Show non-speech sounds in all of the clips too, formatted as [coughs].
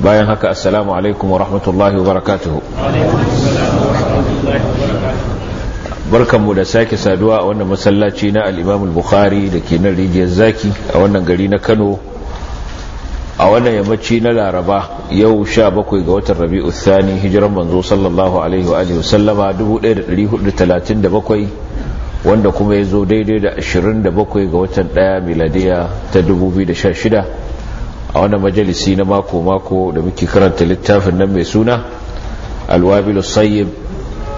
bayan haka assalamu alaikum wa rahmatullahi wa barakatuhu barkanmu da sake saduwa a wannan masallaci na al'imamul bukhari da ke nan rijiyar zaki a wannan gari na kano a wannan yammaci na laraba yau 17 ga watan rabi'u thani hijiran manzo sallallahu alaihi wa alihi wasallama 1437 wanda kuma ya zo daidai da 27 ga watan 1 miladiya ta 2016 a wani majalisi na mako-mako da muke karanta littafin nan mai suna alwabilu sayyib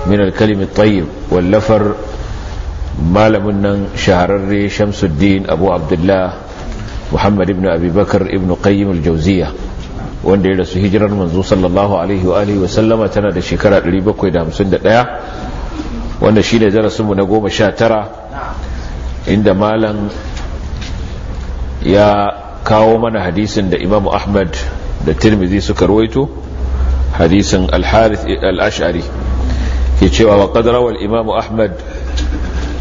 min alkalimin tayyib wallafar malamin nan shahararre shamsuddin abu abdullah muhammad ibn abubakar ibn qayyim aljauziya wanda ya rasu hijirar manzo sallallahu alaihi wa alihi sallama tana da shekara 751 wanda shine darasinmu na 19 inda malam ya kawo mana hadisin da imamu ahmad da tirmidhi suka rawaito hadisin al-harith al-ash'ari ke cewa wa qad rawal imamu ahmad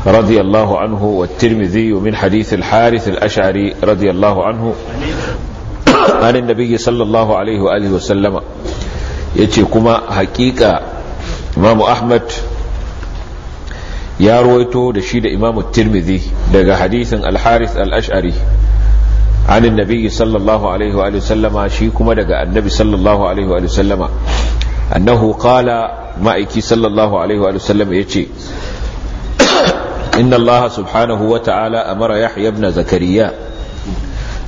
radiyallahu anhu wa tirmidhi min hadith al-harith al-ash'ari radiyallahu anhu an annabi sallallahu alaihi wa alihi wa sallama yace kuma haƙiƙa imamu ahmad ya rawaito da shi da imamu tirmidhi daga hadisin al-harith al-ash'ari عن النبي صلى الله عليه وآله وسلم شيكما دقى النبي صلى الله عليه وآله وسلم أنه قال مائكي صلى الله عليه وآله وسلم يتشي إن الله سبحانه وتعالى أمر يحيى بن زكريا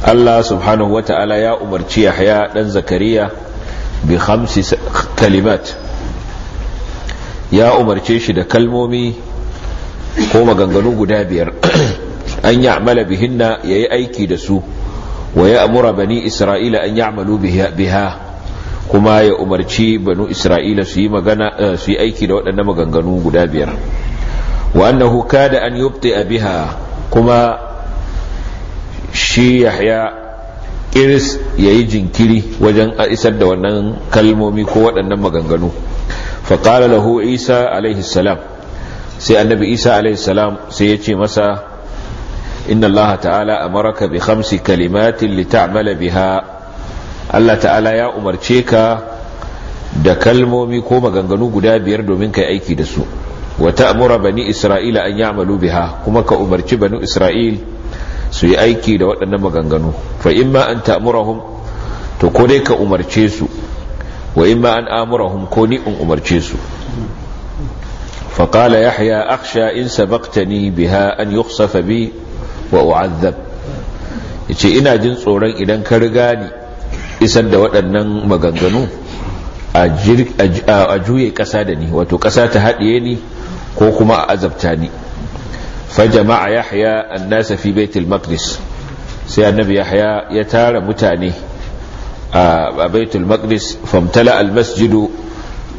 الله سبحانه وتعالى يا أمرتي يحيى بن زكريا بخمس كلمات يا أمرتي شد كلمومي ko maganganu guda biyar an yi amala bihinna ya yi aiki da su wa ya amura bani isra'ila an ya'malu biha kuma ya umarci banu isra'ila su yi magana eh, su yi aiki da waɗannan maganganu guda biyar wa annahu kada an yubti biha kuma shi yahya iris ya jinkiri wajen isar da wannan kalmomi ko waɗannan maganganu qala lahu isa alaihi salam sai annabi isa alaihi salam sai ya ce masa inna Allah ta'ala amaraka bi khamsi kalimatin li ta'mala biha Allah ta'ala ya umarce ka da kalmomi ko maganganu guda biyar domin kai aiki da su wa ta'mura bani isra'ila an ya'malu biha kuma ka umarci bani isra'il su yi aiki da waɗannan maganganu fa imma an ta'murahum to ko dai ka umarce su wa imma an amurahum ko ni in umarce su فقال يحيى أخشى إن سبقتني بها أن يخصف بي wa u'azzab yace ina jin tsoron idan ka riga ni isar da waɗannan maganganu a juye ƙasa da ni wato ƙasa ta haɗiye ni ko kuma a azabta ni fajama'a yahya annasa fi baitul maqdis sai annabi yahya ya tara mutane a baitul maqdis famtala al masjidu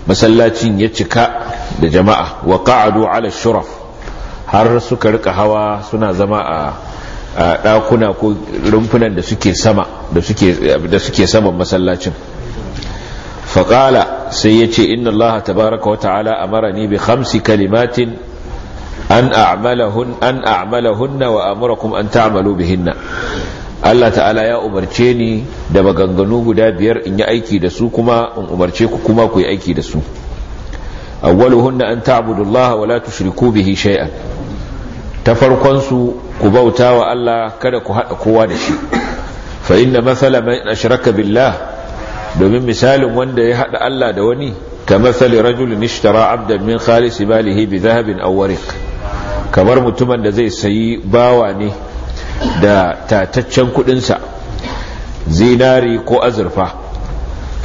masallacin ya cika da jama'a wa ala shuraf har suka rika hawa suna zama a ɗakuna ko rumfunan da suke sama da suke saman masallacin faƙala sai ya ce inna allaha tabaraka wa ta'ala ni bi khamsi kalimatin an a'malahun an a'malahunna wa amurakum an ta'malu bihinna Allah ta'ala ya umarce ni da maganganu guda biyar in yi aiki da su kuma in umarce ku kuma ku yi aiki da su awwaluhunna an ta'budu Allah wa la tushriku bihi shay'an ta farkonsu ku bauta wa Allah kada ku haɗa kowa da shi fa inna masala mai ashraka billah domin misalin wanda ya haɗa Allah da wani ka masali rajulun ishtara abdan min khalisi malihi bi zahabin aw kamar mutumin da zai sayi bawa ne da tataccen kuɗinsa zinari ko azurfa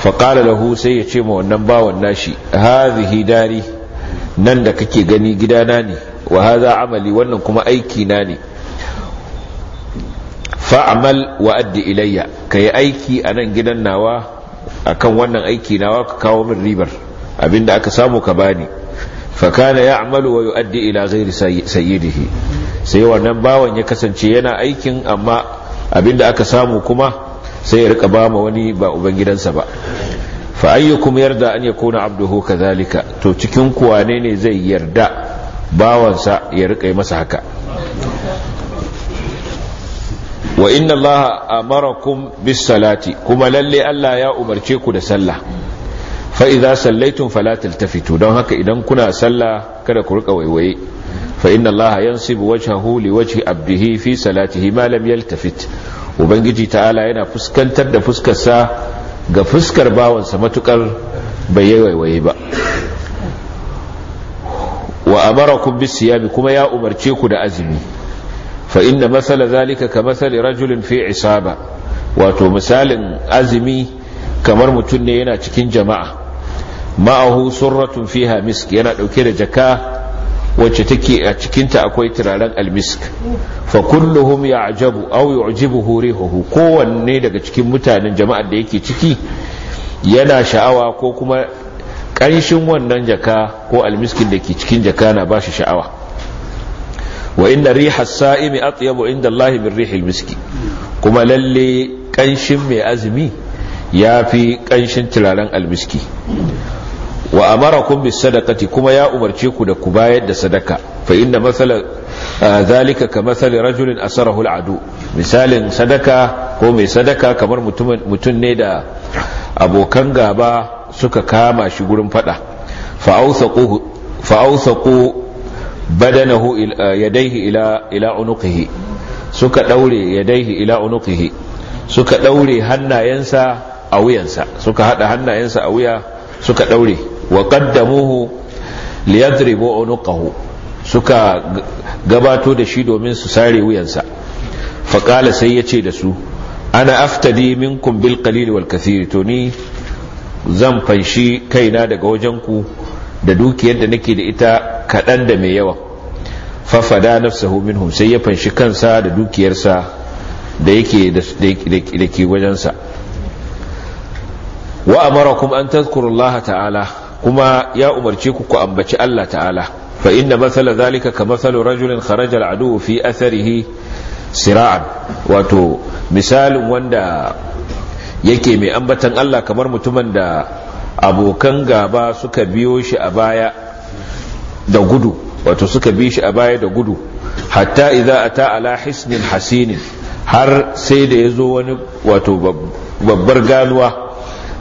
faƙala lahu sai ya ce ma wannan bawan nashi hazihi dari nan da kake gani gidana ne wa hadha amali wannan kuma aiki na ne fa'amal wa addi ilayya kai aiki a nan gidan nawa akan wannan aiki nawa ka kawo min ribar abinda aka samu ka bani fa kana ya'malu wa yu'addi ila ghairi sayyidihi sai wannan bawan ya kasance yana aikin amma abinda aka samu kuma sai ya rika ba ma wani ba ubangidansa ba fa ayyukum yarda an yakuna abduhu kadhalika to cikin kuwane wane ne zai yarda bawansa ya rika masa haka wa inna allaha amarakum bis salati kuma lalle Allah ya umarce ku da sallah fa idza sallaitum fala taltafitu don haka idan kuna sallah kada ku rika waiwaye fa inna allaha yansibu wajhahu li wajhi abdihi fi salatihi ma lam yaltafit ubangiji ta'ala yana fuskantar da fuskarsa ga fuskar bawansa matukar bai waiwaye ba wa amarakum siyami kuma ya umarce ku da azumi fa inna masala zalika ka masali rajulin fi isaba wato misalin azumi kamar mutum ne yana cikin jama'a ma'ahu surratun fiha misk yana dauke da jaka wacce take a cikinta akwai turaren almisk fa kulluhum ya'jabu aw yu'jibuhu rihuhu kowanne daga cikin mutanen jama'ar da yake ciki yana sha'awa ko kuma ƙanshin wannan jaka ko almiskin da ke cikin jaka na ba shi sha'awa wa inda riha sa'imi atyabu inda Allah min rihil miski kuma lalle ƙanshin mai azumi ya fi ƙanshin turaren almiski wa mara kumbi sadaqati kuma ya umarce ku da ku bayar da sadaka fa inna masala zalika ka masali rajulin asarahu al'adu misalin sadaka ko mai sadaka kamar mutum ne da abokan gaba suka kama shi gurin fada fa'ausaqu badanahu eh, yadayhi ila ila unuqihi suka daure yadayhi ila unuqihi suka daure hannayensa a wuyansa suka hada hannayensa a wuya suka daure wa qaddamuhu liyadribu unuqahu suka gabato da shi domin su sare wuyansa faqala sai yace da su ana aftadi minkum bil qalil wal kathir to ni zan fanshi kaina daga wajen ku da dukiyar da nake da ita kaɗan da mai yawa fafada nafsahu minhum sai ya fanshi kansa da dukiyarsa da yake da ke wajensa wa an tazkurullaha ta'ala kuma ya umarci ku ku ambaci Allah ta'ala fa inna mathala zalika ka mathalu rajulin kharaja al'adu fi atharihi sira'an wato misalin wanda yake mai ambatan Allah kamar mutumin da abokan gaba suka biyo shi a baya da gudu wato suka bi shi a baya da gudu hatta idza ata ala hisnin hasinin har sai da ya zo wani wato babbar ganuwa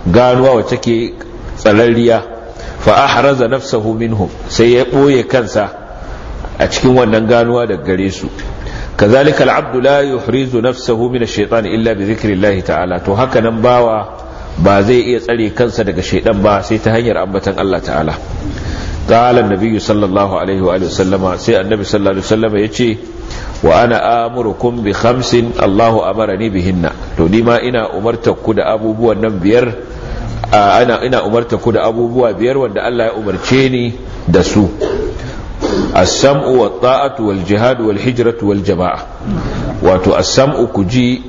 ganuwa wacce ke tsararriya fa ahraza nafsahu minhum sai ya ɓoye kansa a cikin wannan ganuwa daga gare su kazalika al'abdu la yuhrizu nafsahu min ash-shaytan illa bi dhikrillahi ta'ala to haka nan bawa ba zai iya tsare kansa daga shaidan ba sai ta hanyar ambatan Allah ta'ala qala nabiyu sallallahu alaihi wa sallama sai annabi sallallahu alaihi wasallama yace wa ana amurukum kumbi hamsin Allahu amara ni bihinna to ni ma ina umarta da abubuwan nan biyar abubuwa biyar wanda Allah ya umarce ni da su as-sam'u wa ta'atu wal jihad wal hijratu wal jama'a wato as ku ji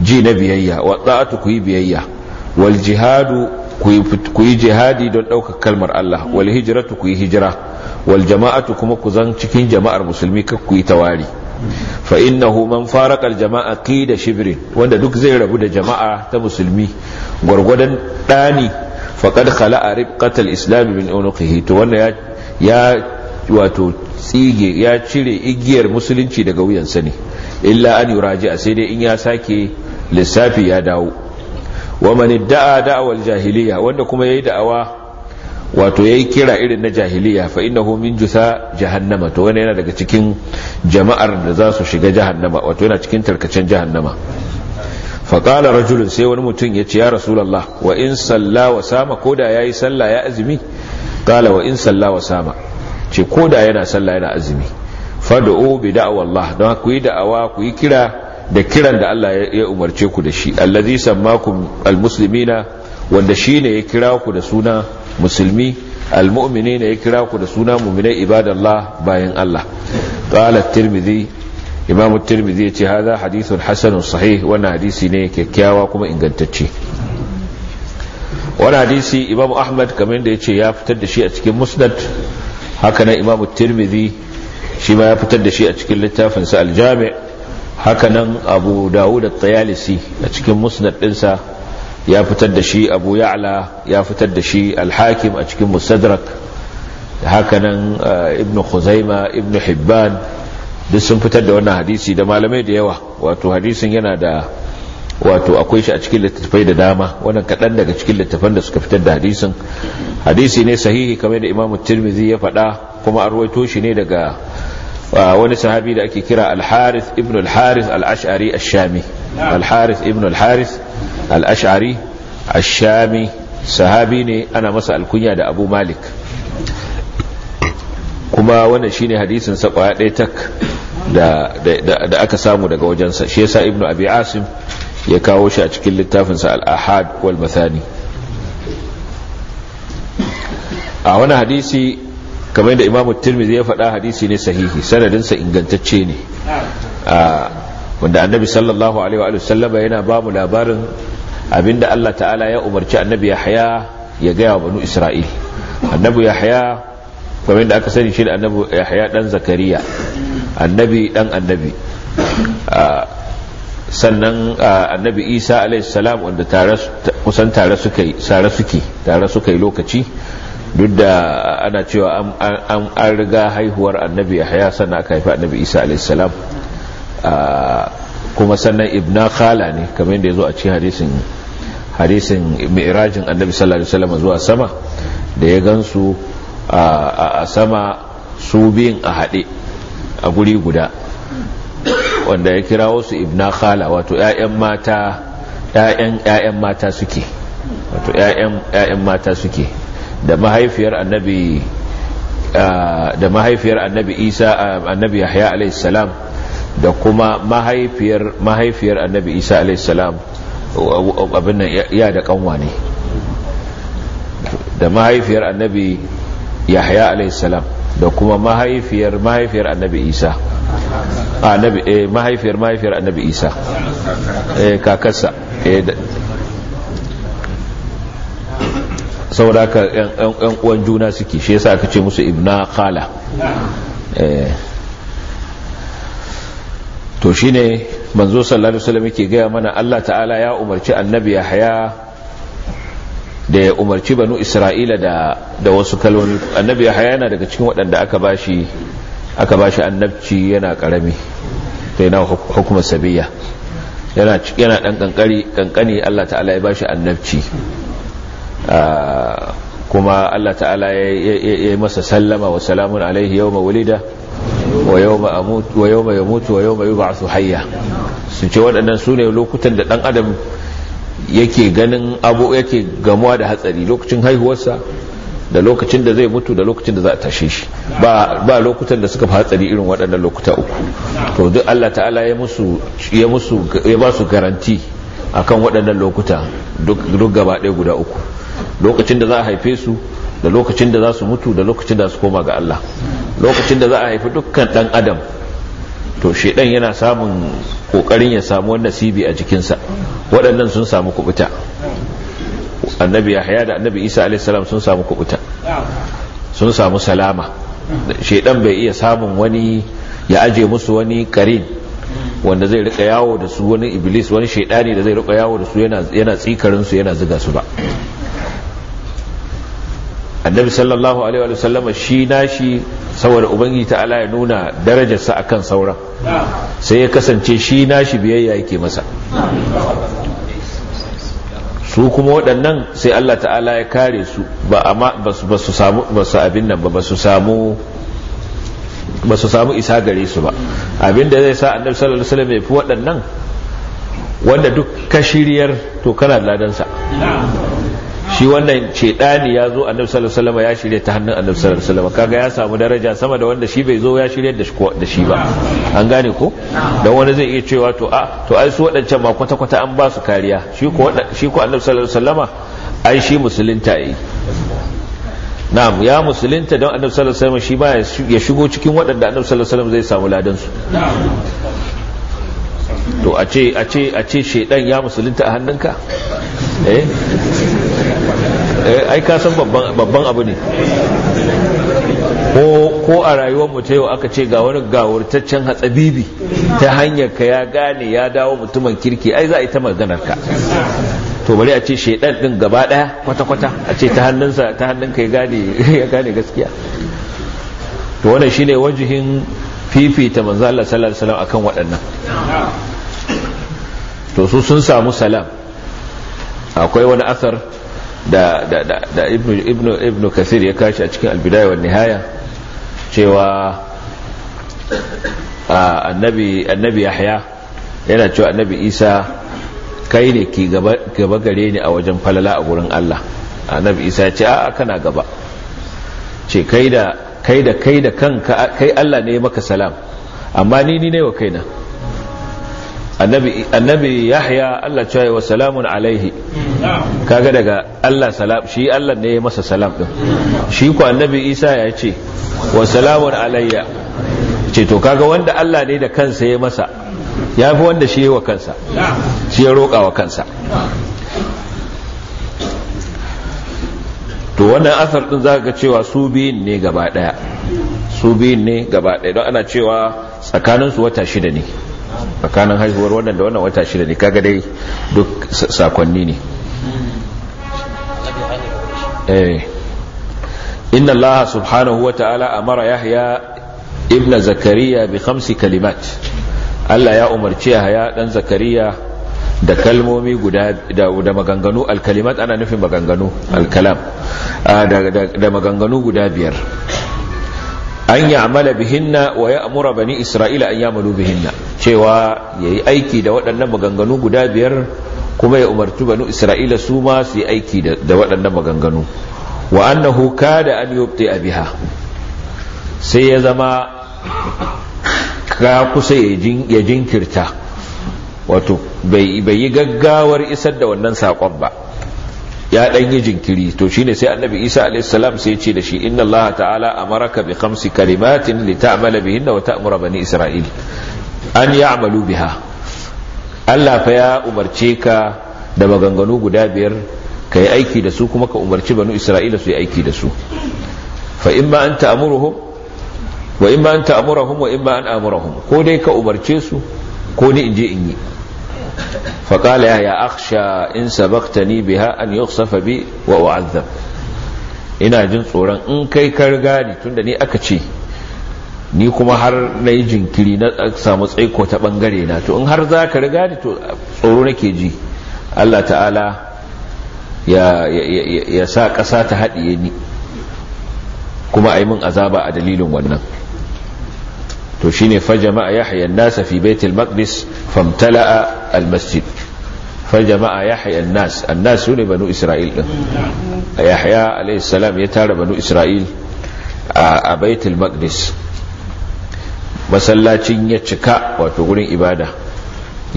ji na biyayya wa ta'atu ku yi biyayya wal jihadu ku yi jihadi don ɗaukar kalmar Allah wal hijratu ku yi hijira wal jama'atu kuma ku zan cikin jama'ar musulmi kar ku yi tawari fa innahu man faraqa al jama'a qida shibrin wanda duk zai rabu da jama'a ta musulmi gwargwadon dani faqad khala'a ribqat al islam min unuqihi to wannan ya ya wato tsige ya cire igiyar musulunci daga wuyansa ne illa an a sai dai in ya sake lissafi ya dawo wa mani da'a da'awar jahiliya wanda kuma ya yi da'awa wato ya yi kira irin na jahiliya fa ina homin jusa jahannama to wani yana daga cikin jama'ar da za su shiga jahannama wato yana cikin tarkacen jahannama faƙala rajulun sai wani mutum ya ce ya rasulallah wa in sallawa sama ko da ya yi salla ya azumi kala wa in sallawa sama ce ko da yana sallah yana azumi fad'u bi da'wa don ku yi da'awa ku yi kira da kiran da Allah ya umarce ku da shi allazi sammakum almuslimina wanda shine ya kira ku da suna musulmi almu'minina ya kira ku da suna mu'minai ibadallah bayan Allah qala at-tirmidhi imam at-tirmidhi yace hadha hadithun hasanun sahih wannan hadisi ne kyakkyawa kuma ingantacce wani hadisi imam ahmad kamar da ya ce ya fitar da shi a cikin musnad haka nan imamu tirmidhi shi ma ya fitar da shi a cikin sa aljami haka nan abu dawud at-tayalisi a cikin musnad ɗinsa ya fitar da shi abu ya'la ya fitar da shi al-hakim a cikin musadrak haka nan uh, ibnu khuzaima ibnu hibban duk sun fitar da wannan hadisi da malamai da yawa wato hadisin yana da wato akwai shi a cikin littattafai da dama wannan kaɗan daga cikin littattafan da suka fitar da hadisin hadisi ne sahihi kamar da imam tirmidhi ya faɗa kuma an shi ne daga wani sahabi da ake kira al-harith ibn al-harith al-ash'ari ash-shami al-harith ibn al-harith al-ash'ari ash-shami sahabi ne ana masa alkunya da abu malik kuma wannan shine hadisin sa tak da aka samu daga wajensa shi yasa ibnu abi asim ya kawo shi a cikin littafinsa al-ahad wal mathani a wani hadisi kamar da imamu tirmidhi ya faɗa hadisi ne sahihi sanadinsa ingantacce ne wanda annabi sallallahu alaihi wa sallama yana ba mu labarin abinda Allah ta'ala ya umarci annabi yahya ya gaya wa banu isra'il annabi yahya kamar da aka sani shi da annabi yahya dan zakariya annabi dan annabi sannan annabi isa alaihissalam wanda kusan tare suka yi tare suka yi lokaci duk da ana cewa an riga haihuwar annabi yahya sannan aka haifi annabi isa alaihissalam kuma sannan ibna khala ne kamar yadda ya zo a ci hadisin hadisin mi'rajin annabi sallallahu alaihi wasallam zuwa sama da ya gansu a sama su biyun a haɗe a guri guda wanda ya kira wasu ibna khala wato ƴaƴan mata ƴaƴan ƴaƴan mata suke wato ƴaƴan ƴaƴan mata suke da mahaifiyar annabi da mahaifiyar annabi Isa annabi Yahya alayhi salam da kuma mahaifiyar mahaifiyar annabi Isa alayhi salam abin nan ya da kanwa ne da mahaifiyar annabi Yahya alayhi salam da kuma mahaifiyar mahaifiyar annabi Isa Ah, annabi eh mahaifiyar mahaifiyar annabi isa eh kakarsa eh saboda haka yan uwan juna suke shi yasa aka ce musu ibna khala eh. to shine manzo sallallahu alaihi wasallam yake ga mana Allah ta'ala ya umarci annabi Yahya da ya umarci banu Isra'ila da da wasu kalmomi annabi Yahya yana daga cikin waɗanda aka bashi aka ba shi annabci yana karami sai na hukumar sabiya yana dan kankani Allah ta'ala ya ba shi annabci ah, kuma Allah ta'ala ya yi masa sallama wa salamun alaihi yau mawulida wa yau ma mutu wa yau ma yi ba su hayya sun ce waɗannan su ne lokutan da ɗan adam yake ganin abu yake gamuwa da hatsari lokacin haihuwarsa da lokacin da zai mutu da lokacin da za a tashe shi ba lokutan da suka hatsari irin waɗannan lokuta uku to duk Allah ta'ala ya musu ya ba su garanti akan waɗannan lokuta duk gaba ɗaya guda uku lokacin da za a haife su da lokacin da za su mutu da lokacin da su koma ga Allah lokacin da za a haifi dukkan ɗan adam to shedan yana samun kokarin ya samu wannan sibi a jikinsa waɗannan sun samu kubuta annabi yahya da annabi isa alaihi salam sun samu kubuta sun samu salama shedan bai iya samun wani ya aje musu wani karin wanda zai rika yawo da su wani iblis wani shaidani da zai rika yawo da su yana tsikarin su yana ziga su ba annabi sallallahu alaihi wa sallama shi nashi saboda ubangi ta ala ya nuna darajarsa akan sauran sai ya kasance shi nashi biyayya yake masa su kuma waɗannan sai Allah ta'ala ya kare su ba su samu ba su abin nan ba ba samu ba su samu isa gare su ba abin da zai sa annabi sallallahu alaihi wasallam ya fi waɗannan wanda duk ka shiryar to kana ladansa shi wannan dani ya zo annabi sallallahu alaihi wasallam ya shirye ta hannun annabi sallallahu alaihi wasallam kaga ya samu daraja sama da wanda shi bai zo ya shirye da shi da shi ba an gane ko dan wani zai iya cewa to a ah, to ai su wadancan ba kwata kwata an ba su kariya shi ko shi ko annabi sallallahu alaihi wasallama ai shi musulunta yi na'am ya musulunta don annabi sallallahu alaihi wasallam shi ba ya shigo cikin waɗanda annabi sallallahu alaihi wasallam zai samu ladan su to a ce a ce a ce shedan ya musulunta a hannunka eh Eh, ai ka san babban abu ne ko a rayuwar mu ta yau aka ce ga wani gawurtaccen hatsabibi ta hanyar ka ya gane ya dawo mutumin kirki ai za a yi ta maganar ka to bari a ce shaidan din gaba daya kwata-kwata a ce ta hannunsa ta hannunka ya gane [laughs] ya gane gaskiya to wannan shine wajihin fifita manzo Allah sallallahu alaihi wasallam akan waɗannan to su sun samu salam akwai wani asar da da da, ibnu kasir ya kashi a cikin albidaya wa nihaya cewa annabi yahya yana cewa annabi isa kai ne ki gaba gaba gare ni a wajen falala a gurin Allah annabi isa ya ce a kana gaba ce kai da kai da kai da kanka kai Allah ne maka salam amma ni ni ne wa kaina annabi yahya Allah cewa wa salamun alaihi kaga daga Allah salam shi Allah ne ya masa salam din shi ko annabi isa ya ce wa salamun alayya ce to kaga wanda Allah ne da kansa ya masa ya fi wanda shi wa kansa shi ya roƙa wa kansa to wannan asar din zaka ga cewa su biyun ne gaba daya su biyun ne gaba daya don ana cewa tsakaninsu wata shida ne tsakanin haihuwar wannan da wannan wata shida ne kaga dai duk sakonni ne eh. inna allaha subhanahu wa ta'ala amara yahya ibn zakariya bi khamsi kalimat Allah ya umarci yahya dan zakariya da kalmomi guda da maganganu alkalimat ana nufin maganganu alkalam ah, da maganganu guda biyar an ya'mala bihinna wa ya'mura bani isra'ila an ya'malu bihinna cewa yayi aiki da waɗannan maganganu guda biyar kuma ya umartu bani isra'ila su ma su yi aiki da waɗannan maganganu wa annahu da an a biha sai ya zama ka kusa ya jinkirta wato bai yi gaggawar isar da wannan saƙon ba ya dan yi jinkiri to shine sai annabi isa alaihi salam sai ya ce da shi inna allaha ta'ala amaraka bi khamsi kalimatin li ta'mala bihinna wa ta'mura bani isra'il an ya'malu biha Allah fa ya umarce ka da maganganu guda biyar ka yi aiki da su kuma ka umarci banu isra'ila su yi aiki da su fa in ma an ta'amuruhum wa in ma an ta'amurahum wa in ma an amurahum ko dai ka umarce su ko ni in je in yi فقال يا أخشى إن سبقتني بها أن يخصف بي وأعذب ina jin tsoron in kai ka riga ni tunda ni aka ce ni kuma har na yi jinkiri na samu tsaiko ta bangare na to in har za ka riga ni to tsoro nake ji Allah ta'ala ya sa ƙasa ta haɗiye ni kuma a yi min azaba a dalilin wannan to shine fajama'a yahya nasa fi baitul maqdis famtala'a almasjid فجمع يحيى الناس الناس sune banu isra'il din yahya alayhi salam ya tara banu isra'il a baitul maqdis masallacin ya cika wato gurin ibada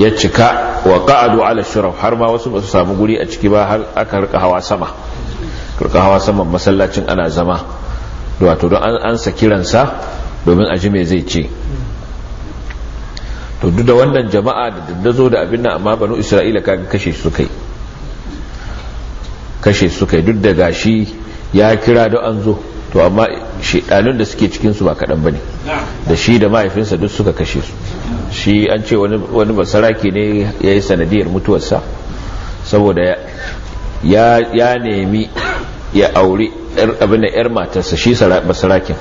ya cika wa qa'adu ala shuraf har ma wasu ba su samu guri a ciki ba har aka rika hawa sama rika hawa sama masallacin ana zama wato don an ansa kiransa domin a me zai ce to duk da wannan jama'a da daddazo da abin nan amma banu isra'ila kaga kashe su kai kashe su kai duk da gashi ya kira da an zo to amma shedanun da suke cikin su ba kadan bane da shi da mahaifinsa duk suka kashe su shi an ce wani wani basaraki ne yayi sanadiyar mutuwarsa saboda ya ya nemi ya aure abin da yar matarsa shi basarakin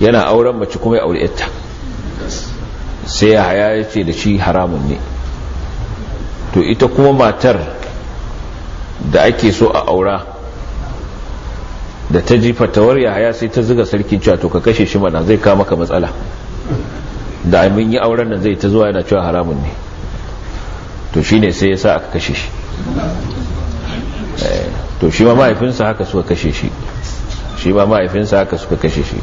yana auren mace kuma ya aure yarta sai ya haya ya ce da shi haramun ne to ita kuma matar da ake so a aura da ta ji fatawar ya haya sai ta zuga sarki cewa to ka kashe shi mana zai kama ka matsala da amin yi auren nan zai ta zuwa yana cewa haramun ne to shi ne sai ya sa aka kashe shi eh, to shi ma mahaifinsa haka suka kashe shi shi ma mahaifinsa haka suka kashe shi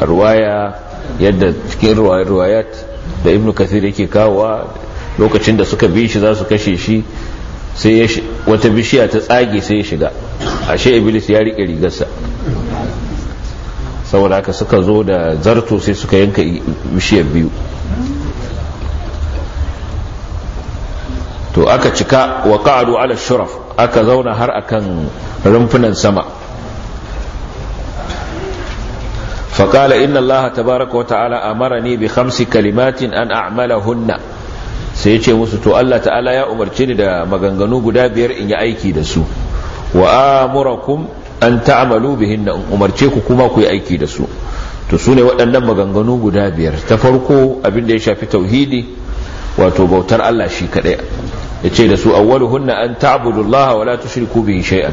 a ruwaya yadda cikin ruwayat da ibnu kathir yake kawowa lokacin da suka bi shi za su kashe shi sai wata bishiya ta tsage sai ya shiga ashe iblis ya riƙe rigarsa saboda haka suka zo da zarto sai suka yanka bishiyar biyu to aka cika wa qa'du ala shuraf aka zauna har akan rumfunan sama فقال إن الله تبارك وتعالى أمرني بخمس كلمات أن أعملهن سيتي مسو الله تعالى يا أمرتني دا مغنغنو قدا بير إن أيكي دسو وآمركم أن تعملوا بهن أمرتيكو كما كي أيكي دسو تسوني وأن مغنغنو قدا بير تفرقوا أبن ديشا في توهيدي وتوبوتر الله شي كده yace da su awwaluhunna an ta'budu Allah wa la tushriku bihi shay'an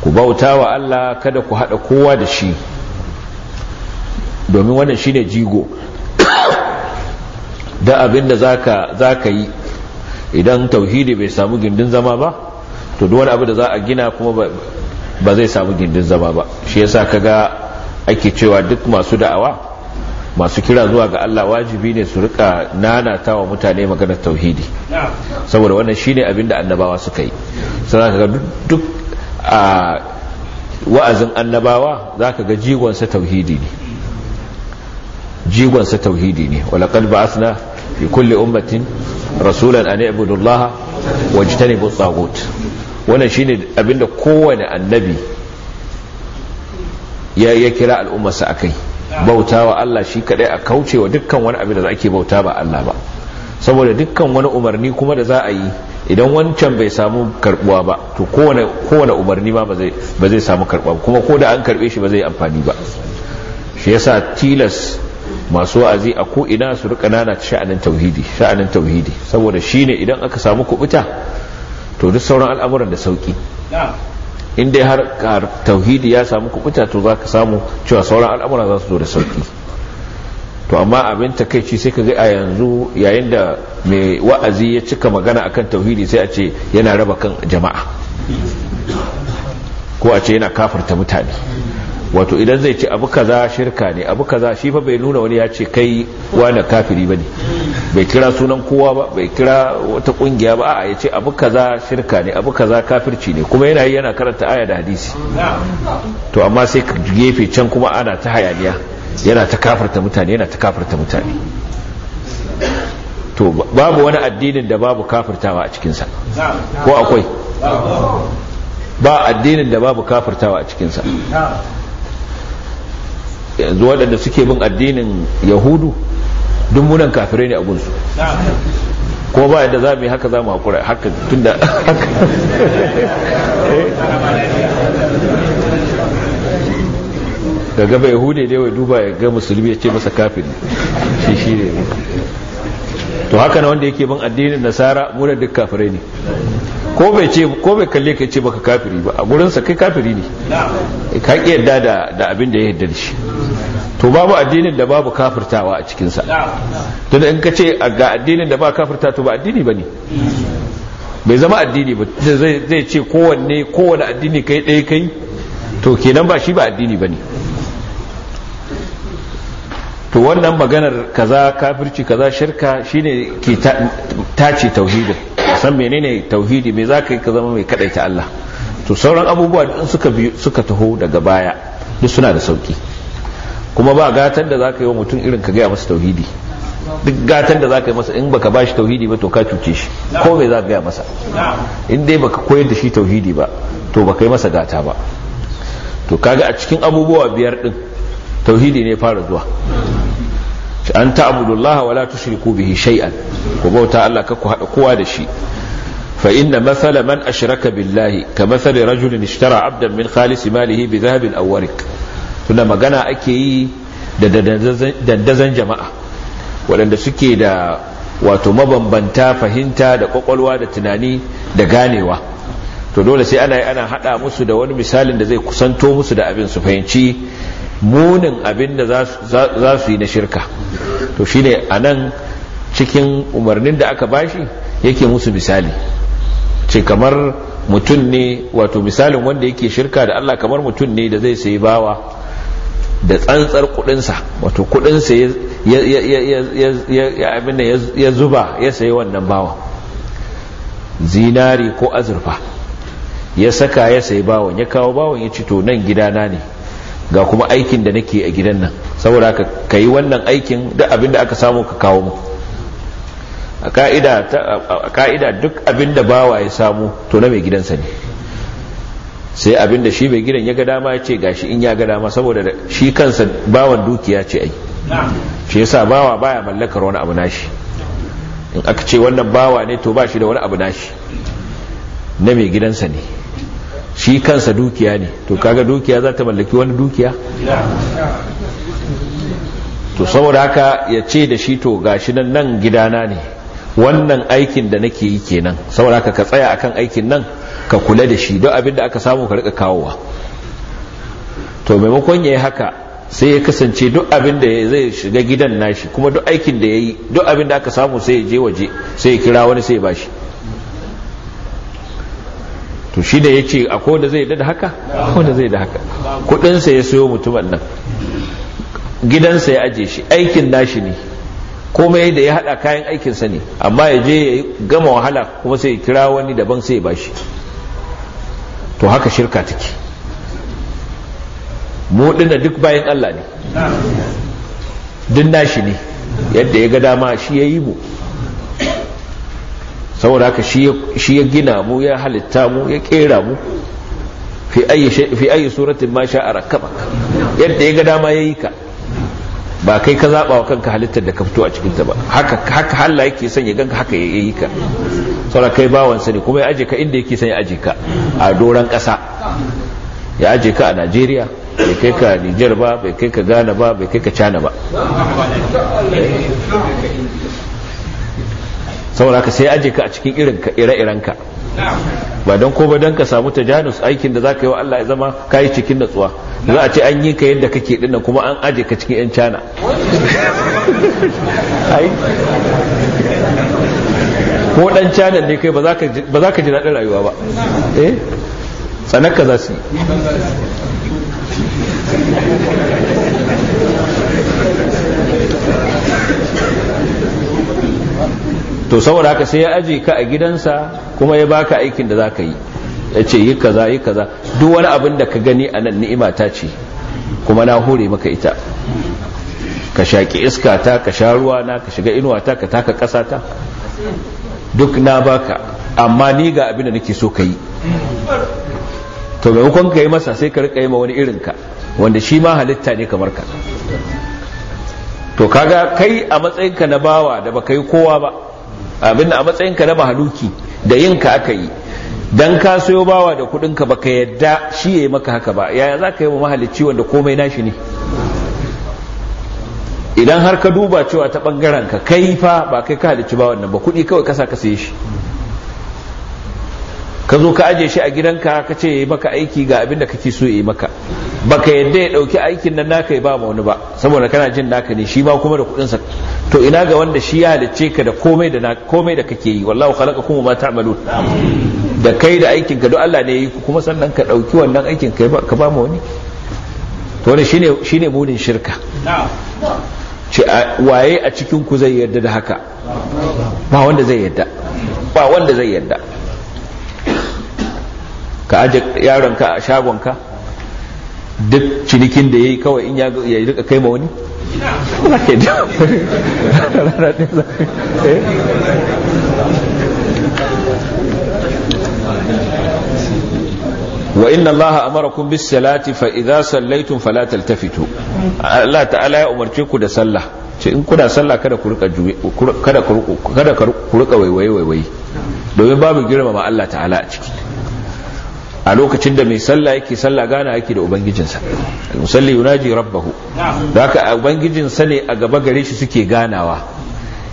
ku bauta wa Allah kada ku hada kowa da shi domin wannan shine jigo da abin za ka yi idan tauhidi bai samu gindin zama ba to duk wani abu da za a gina kuma ba zai samu gindin zama ba shi yasa ga ake cewa duk masu da'awa masu kira zuwa ga Allah wajibi ne su rika nanata wa mutane maganar tauhidi saboda wannan shine abin da annabawa suka yi sai kaga duk a wa'azin annabawa zaka ga jigonsa tauhidi ne Jigonsa tauhidi ne walaqad ba'athna fi kulli ummatin rasulan an i'budu allaha wajtanibu at-taghut wannan shine abinda kowane annabi ya ya kira a akai bautawa Allah shi kadai a kaucewa dukkan wani abin da ake bauta ba Allah ba saboda dukkan wani umarni kuma da za a yi idan wancan bai samu karbuwa ba to kowane kowane umarni ma ba zai samu karbuwa kuma ko da an karbe shi ba zai amfani ba shi yasa tilas masu wa'azi a ko ina su rika nana sha'anin tauhidi sha'anin tauhidi saboda shine idan aka samu kubuta to duk sauran al'amuran da sauki in dai har tauhidi ya samu kubuta to za ka samu cewa sauran al'amura za su zo da sauki to amma abin takaici sai ka ga a yanzu yayin da mai wa'azi ya cika magana akan tauhidi sai a ce yana raba kan jama'a ko a ce yana kafarta mutane wato idan zai ce abu kaza shirka ne abu kaza shi fa bai nuna wani ya ce kai wani kafiri bane bai kira sunan kowa ba bai kira wata kungiya ba a'a ya ce abu kaza shirka ne abu kaza kafirci ne kuma yana yi yana karanta aya da hadisi to amma sai gefe can kuma ana ta hayaniya yana ta kafirta mutane yana ta kafirta mutane to babu wani addinin da babu kafirtawa a cikinsa ko akwai ba addinin da babu kafirtawa a cikinsa yanzu waɗanda suke bin addinin yahudu duk munan kafirai ne a gunsu ko ba yadda za mu yi haka za mu haƙura haka tunda haka ga gaba yahude dai wai duba ya ga musulmi ya ce masa kafin shi shi ne to haka na wanda yake bin addinin nasara munan duk kafirai ne ko bai ce ko bai kalle ka ce baka kafiri ba a gurin sa kai kafiri ne ka ki yadda da da abin da ya yadda da shi to babu addinin da babu kafirtawa a cikin sa tunda in ka ce ga addinin da ba kafirta to ba addini bane bai zama addini ba zai ce kowanne kowane addini kai ɗaya kai to kenan ba shi ba addini bane to wannan maganar kaza kafirci kaza shirka shine ke tace tauhidin san menene tauhidi me zaka yi ka zama mai kadaita Allah to sauran abubuwa din suka suka taho daga baya duk suna da sauki kuma ba gatan da zaka yi wa mutum irin ka gaya masa tauhidi duk gatan da zaka yi masa in baka bashi tauhidi ba to ka cuce shi ko me zaka gaya masa in dai baka koyar da shi tauhidi ba to baka yi masa gata ba to kaga a cikin abubuwa biyar din tauhidi ne fara zuwa an ta'budullah wa la tushriku bihi shay'an ku bauta Allah ka ku hada kowa da shi fa inna mathala man ashraka billahi ka mathali rajulin ishtara abdan min khalis malihi bi dhahabin aw tunda magana ake yi da dandazan jama'a waɗanda suke da wato mabambanta fahimta da kwakwalwa da tunani da ganewa to dole sai ana ana hada musu da wani misalin da zai kusanto musu da abin su fahimci munin abin da za su yi na shirka to shi ne a nan cikin umarnin da aka bashi yake musu misali ce kamar mutum ne wato misalin wanda yake shirka da Allah kamar mutum ne da zai sayi bawa da tsantsar kudinsa wato kudinsa ya zuba ya sayi wannan bawa zinari ko azurfa ya saka ya sayi bawon ya kawo bawon ya ci to nan gidana ne ga kuma aikin da nake a gidan nan saboda ka yi wannan aikin duk abin da aka samu ka kawo mu a ka'ida duk abin da bawa ya samu to na mai gidansa ne sai abin da shi mai gidan ya ga dama ya ce gashi in ya ga dama saboda shi kansa bawan dukiya ce ai shi yasa bawa baya mallakar wani abu nashi in aka ce wannan bawa ne to ba shi da wani abu nashi na mai gidansa ne shi kansa dukiya ne to kaga dukiya za ta mallaki wani dukiya to saboda haka ya ce da shi to gashi nan nan gidana ne wannan aikin da nake yi kenan saboda haka ka tsaya akan aikin nan ka kula da shi don abin da aka samu ka rika kawowa to maimakon ya yi haka sai ya kasance duk abin da zai shiga gidan nashi kuma duk aikin da ya yi duk abin da aka samu sai ya je waje sai ya kira wani sai ya bashi to shi da ya ce a da zai da haka ko da zai da haka kudinsa ya sayo mutumin nan gidansa ya aje shi aikin nashi ne komai da ya hada kayan aikinsa ne amma ya je ya gama wahala kuma sai kira wani daban sai ya bashi to haka shirka take mu dinna duk bayan Allah ne duk nashi ne yadda ya ga dama shi ya yi mu saboda haka shi ya gina mu ya halitta mu ya kera mu fi ayi suratun ma sha a yadda ya ga dama ya yi ka ba kai ka zaɓa wa kanka halittar da ka fito a cikinta ba haka halla yake son ganka haka ya yi ka saboda kai bawansa ne kuma ya aje ka inda yake son ya aje ka a doron ƙasa ya aje ka a najeriya bai kai ka nijar ba bai kai ka ghana ba bai kai ka cana ba saboda ka sai aje ka a cikin irin ka ire ka ba don ko ba don ka samu ta janus aikin da za ka yi wa Allah ya zama ka yi cikin natsuwa za a ce an yi ka yadda kake dinnan kuma an aje ka cikin 'yan cana [laughs] ko dan cana ne kai ba za ka ji daɗin rayuwa ba eh tsanaka za su yi to saboda haka sai ya aje ka a gidansa kuma ya baka aikin da zaka yi yace yi kaza yi kaza duk wani abin da ka gani a nan ni'ima ta ce kuma na hore maka ita ka shaki iska ta ka sha ruwa na ka shiga inuwa ta ka taka ƙasa ta duk na baka amma ni ga abin da nake so ka yi to maimakon ka yi masa sai ka rika yi ma wani irin ka wanda shi ma halitta ne kamar ka to kaga kai a matsayinka na bawa da baka yi kowa ba abin a matsayinka na mahaluki da yin ka aka yi dan ka sayo bawa da kudinka baka yadda shi yayi maka haka ba yaya za ka yi wa mahalicci wanda komai nashi ne idan har ka duba cewa ta ɓangaren ka kai fa ba kai ka halicci ba wannan ba kudi kawai kasa ka saye shi ka zo ka aje shi a gidanka ka ce yi maka aiki ga abin da kake so yi maka baka yadda ya dauki aikin nan naka yi ba ma wani ba saboda kana jin naka ne shi ma kuma da kudin sa to ina ga wanda shi ya halicce ka da komai da komai da kake yi kuma ba ma ta'malun da kai da aikin ka duk Allah ne yayi ku kuma sannan ka dauki wannan aikin ka ba ma wani to wani shine shine munin shirka ce waye a cikin ku zai yarda da haka ba wanda zai yarda ba wanda zai yarda ka aje yaronka a shagonka duk cinikin da ya yi kawai in ya rika kai ma wani wa inna allaha amarakum bis salati fa idza sallaytum fala taltafitu Allah ta'ala ya umarce ku da sallah ce in kuna sallah kada ku rika kada ku rika waiwaye waiwaye domin babu girmama Allah ta'ala a ciki a lokacin da mai sallah yake sallah gana ake da ubangijinsa musalli yunaji rabbahu da haka ubangijinsa ne a gaba gare shi suke ganawa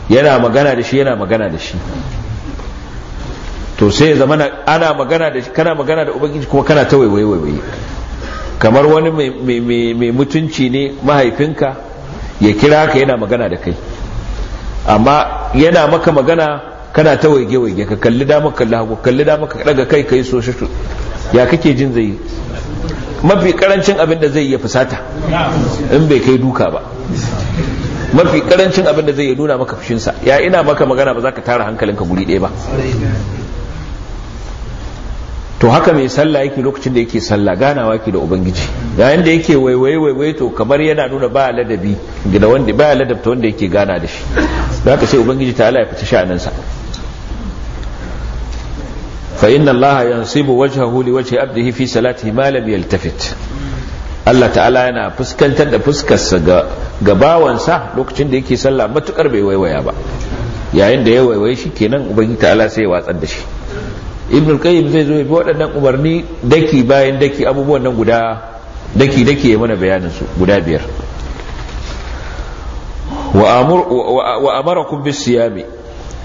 yana magana da shi yana magana da shi to sai zama ana magana da shi kana magana da ubangiji kuma kana ta waiwaye waiwaye kamar wani mai mutunci ne mahaifinka ya kira ka yana magana da kai amma yana maka magana kana ta waige waige ka kalli dama kalli hagu kalli dama ka daga kai kai so ya kake jin zai yi mafi karancin abin da zai iya fusata in bai kai duka ba mafi karancin abin da zai iya nuna maka fushinsa ya ina maka magana ba za ka tara hankalinka guri ɗaya ba to haka mai sallah yake lokacin da yake sallah ganawa ke da ubangiji yayin da yake waiwai waiwai to kamar yana nuna ba ladabi gida wanda ba ladabta wanda yake gana da shi da haka sai ubangiji ta ya fita sha'aninsa fa inna allaha yansibu wajhahu li wajhi abdihi fi salati ma lam yaltafit Allah ta'ala yana fuskantar da fuskarsa ga bawansa lokacin da yake sallah matukar bai waiwaya ba yayin da ya waiwaye shi kenan ubangi ta'ala sai ya watsar da shi ibn qayyim zai zo bi waɗannan umarni daki bayan daki abubuwan nan guda daki daki ya mana bayanin su guda biyar wa amarakum bis siyami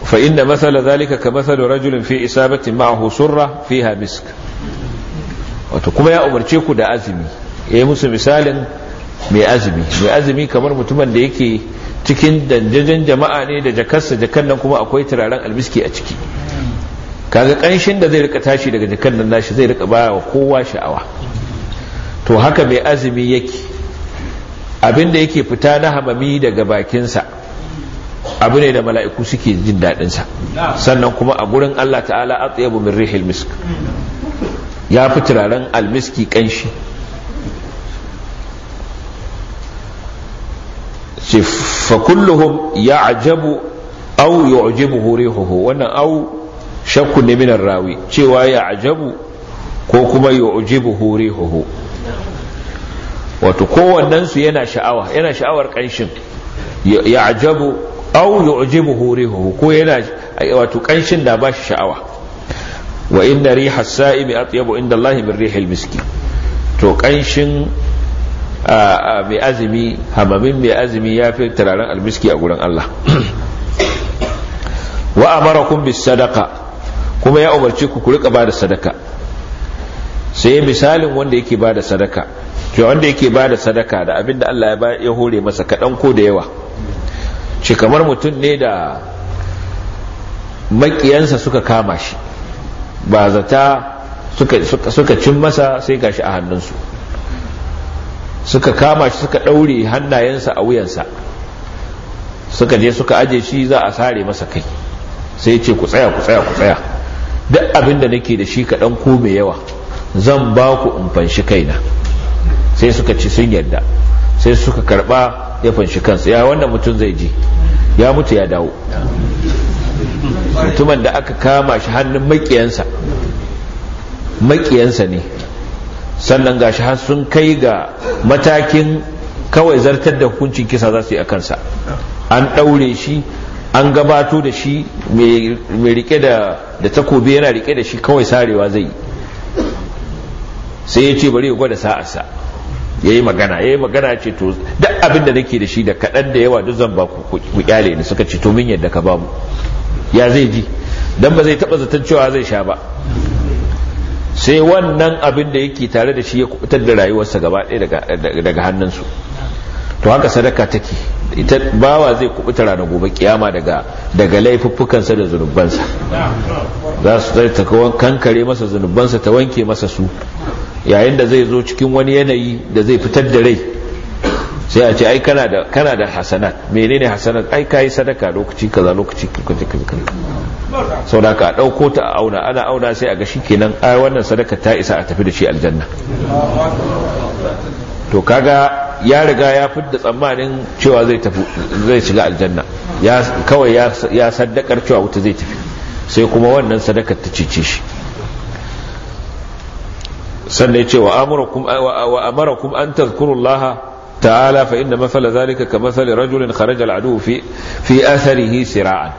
فإن مثل ذلك كمثل رجل في إسابة معه سرة فيها مسك kuma ya أمر ku da أزمي يا musu misalin mai azumi mai azumi kamar mutumin da yake cikin danjajen jama'a ne da jakarsa jakan nan kuma akwai turaren albiski a ciki kaga kanshin da zai rika tashi daga jakan nan nashi zai rika baya wa kowa sha'awa to haka mai azumi yake abinda yake fita na hamami daga bakinsa abu ne da mala'iku suke jin sa sannan kuma a gurin Allah ta'ala a min rihil misk ya fi turaren almiski kanshi ce fa kulluhum ya ajabu au ya ajabu rihuhu wannan au shakku ne minar rawi cewa ya ajabu ko kuma ya ajabu rihuhu wato kowannensu yana sha'awa yana sha'awar ƙanshin ya ajabu aw yu'jibu hurihu ko yana wato kanshin da ba shi sha'awa wa inna riha as-sa'imi atyabu inda Allah min al miski to kanshin mai azumi hamamin mai azumi ya fi turaren almiski a gurin Allah [clears throat] wa amarakum bis sadaqa kuma ya umarci ku ku rika bada sadaka sai misalin wanda yake bada sadaka to wanda yake bada sadaka da abinda Allah ya hore masa kaɗan ko da yawa ce kamar mutum ne da makiyansa suka kama shi ba zata suka cin masa sai gashi a hannunsu suka kama shi suka ɗaure hannayensa a wuyansa suka je suka aje shi za a sare masa kai sai ce ku tsaya ku tsaya ku tsaya duk abin da nake da shi kaɗan ko mai yawa zan ba ku in fanshi kaina sai suka ci sun yarda sai suka karɓa ya fanshi kansa ya wanda mutum zai ji ya mutu ya dawo mutumin da aka kama shi hannun makiyansa makiyansa ne sannan ga shi sun kai ga matakin kawai zartar da hukuncin kisa za su yi a kansa an ɗaure shi an gabato da shi mai rike da takobi yana rike da shi kawai sarewa zai sai ya ce bari ya gwada sa'arsa yayi magana ya yi magana ce to duk abin da nake da shi da kaɗan da yawa duk zan ba ku ku kyale ni suka ce to min yadda ka babu ya zai ji dan ba zai taba zaton cewa zai sha ba sai wannan abin da yake tare da shi ya kubutar da rayuwarsa gaba ɗaya daga hannunsu to haka sadaka take ita bawa zai kubuta ranar gobe kiyama daga daga laifuffukansa da zunubansa za su zai ta kankare masa zunubansa ta wanke masa su yayin da zai zo cikin wani yanayi da zai fitar da rai sai a ce ai kana da kana Mene hasanat menene hasanat ai yi sadaka lokaci kaza lokaci kaza kaza sau da ka dauko ta auna ana auna sai a ga shi kenan, ai wannan sadaka ta isa a tafi da shi aljanna to kaga ya riga ya fidda tsammanin cewa zai tafi zai shiga aljanna kawai ya saddakar cewa wuta zai tafi sai kuma wannan sadakar ta cece shi sannan ya ce wa kum an tazkurullaha ta'ala fa inna mathala zalika ka mathali rajulin kharaja al'adu fi fi atharihi sira'an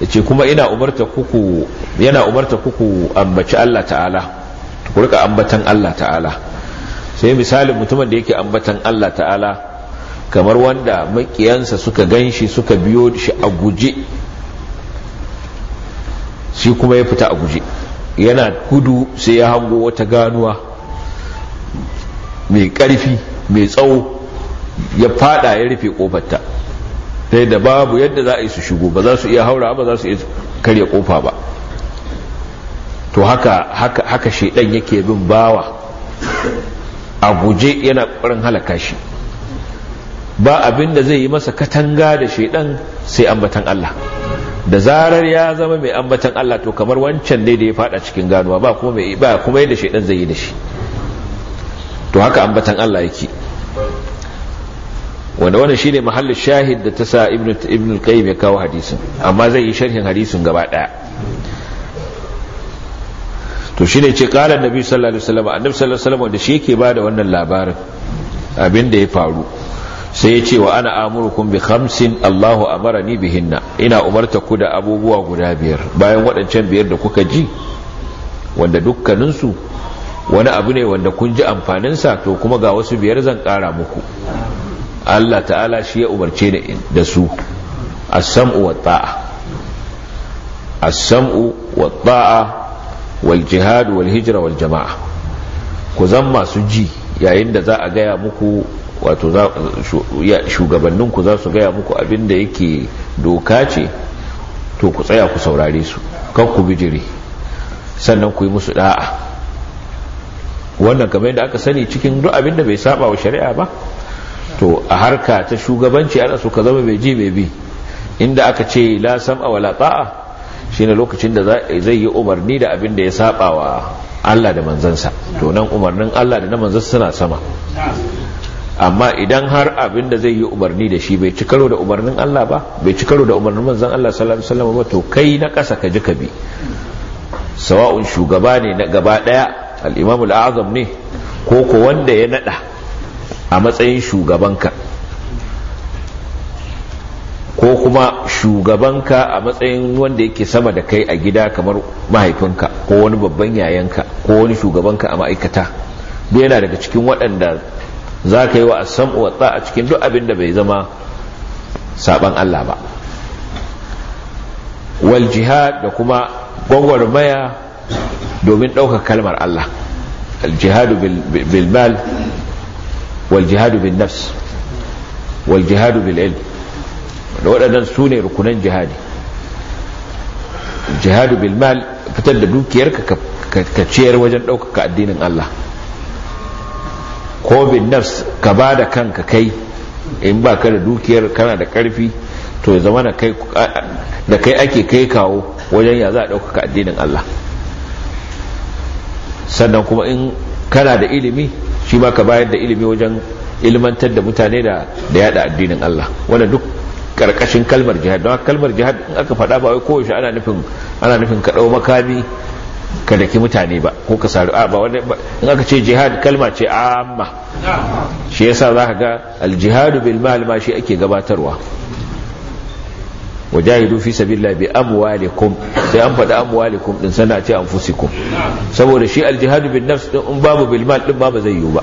yace kuma ina umarta kuku yana umarta kuku ambaci Allah ta'ala ku rika ambatan Allah ta'ala sai misalin mutumin da yake ambatan Allah ta'ala kamar wanda makiyansa suka ganshi suka biyo shi a guje shi kuma ya fita a guje yana gudu sai ya hango wata ganuwa mai ƙarfi mai tsawo ya fada ya rufe kofarta sai da babu yadda za a yi su shigo ba za su iya haura ba za su iya karya kofa ba to haka haka haka shedan yake bin bawa a guje yana ƙarin halaka shi ba abin da zai yi masa katanga da shedan sai ambatan Allah da zarar ya zama mai ambatan Allah to kamar wancan ne da ya fada cikin ganuwa ba kuma mai ba kuma yadda shaidan zai yi da shi to haka ambatan Allah yake wanda wannan shine mahallu shahid da ta sa ibnu ibnu al-qayyim ya kawo hadisin amma zai yi sharhin hadisin gaba daya to shine ce qala annabi sallallahu alaihi wasallam annabi sallallahu alaihi wasallam da shi yake bada wannan labarin abin da ya faru sai ya ce wa ana amurukum bi khamsin Allahu amarani bihinna ina umarta ku da abubuwa guda biyar bayan waɗancan biyar da kuka ji wanda dukkaninsu wani abu ne wanda kun ji amfaninsa to kuma ga wasu biyar zan ƙara muku Allah ta'ala shi ya umarce da su as-sam'u wa ta'a as-sam'u wa ta'a wal jihad wal hijra wal jama'a ku zan masu ji yayin da za a gaya muku wato shugabannin ku za su gaya muku abin da yake doka ce to ku tsaya ku saurare su kan ku bijire sannan ku yi musu da'a wannan kamar yadda aka sani cikin duk abin da bai saba wa shari'a ba to a harka ta shugabanci ana so ka zama mai ji mai bi inda aka ce la sam'a wala ta'a shine lokacin da zai yi umarni da abin da ya saba wa Allah da manzansa to nan umarnin Allah da na manzansa suna sama amma idan har abin da zai yi umarni da shi bai ci karo da umarnin Allah ba bai ci karo da umarnin manzon Allah sallallahu alaihi wasallam to kai na kasa ka ji ka bi sawa'un shugaba ne na gaba daya al-Imam al-Azam ne ko ko wanda ya nada a matsayin shugabanka ko kuma shugabanka a matsayin wanda yake sama da kai a gida kamar mahaifinka ko wani babban yayanka ko wani shugabanka a ma'aikata duk yana daga cikin waɗanda za ka yi wa asam wa a cikin duk abin da bai zama saban Allah ba wal jihad da kuma maya domin ɗaukar kalmar Allah al jihadu bil mal wal jihadu bin nafs wal jihadu bil ilm da waɗannan su ne rukunan jihadi jihadu bil mal fitar da dukiyar ka ciyar wajen ɗaukaka addinin Allah ko bin ka ba da kanka kai in ba ka da dukiyar kana da karfi to ya zama da kai ake kai kawo wajen ya za a ɗaukaka addinin Allah sannan kuma in kana da ilimi shi ma ka bayar da ilimi wajen ilmantar da mutane da da yada addinin Allah wanda duk karkashin kalmar jihad don kalmar jihad in aka faɗa ba wai kowace ana nufin ana nufin ka ɗau makami ka daki mutane ba ko ka sari a ba wanda in aka ce jihad kalma ce amma shi yasa za ka ga aljihadu bil mal ma shi ake gabatarwa wajahidu fi sabilillah bi amwalikum sai an faɗi amwalikum din sana ce anfusikum saboda shi aljihadu bin nafs din babu bil mal din ba zai yiwu ba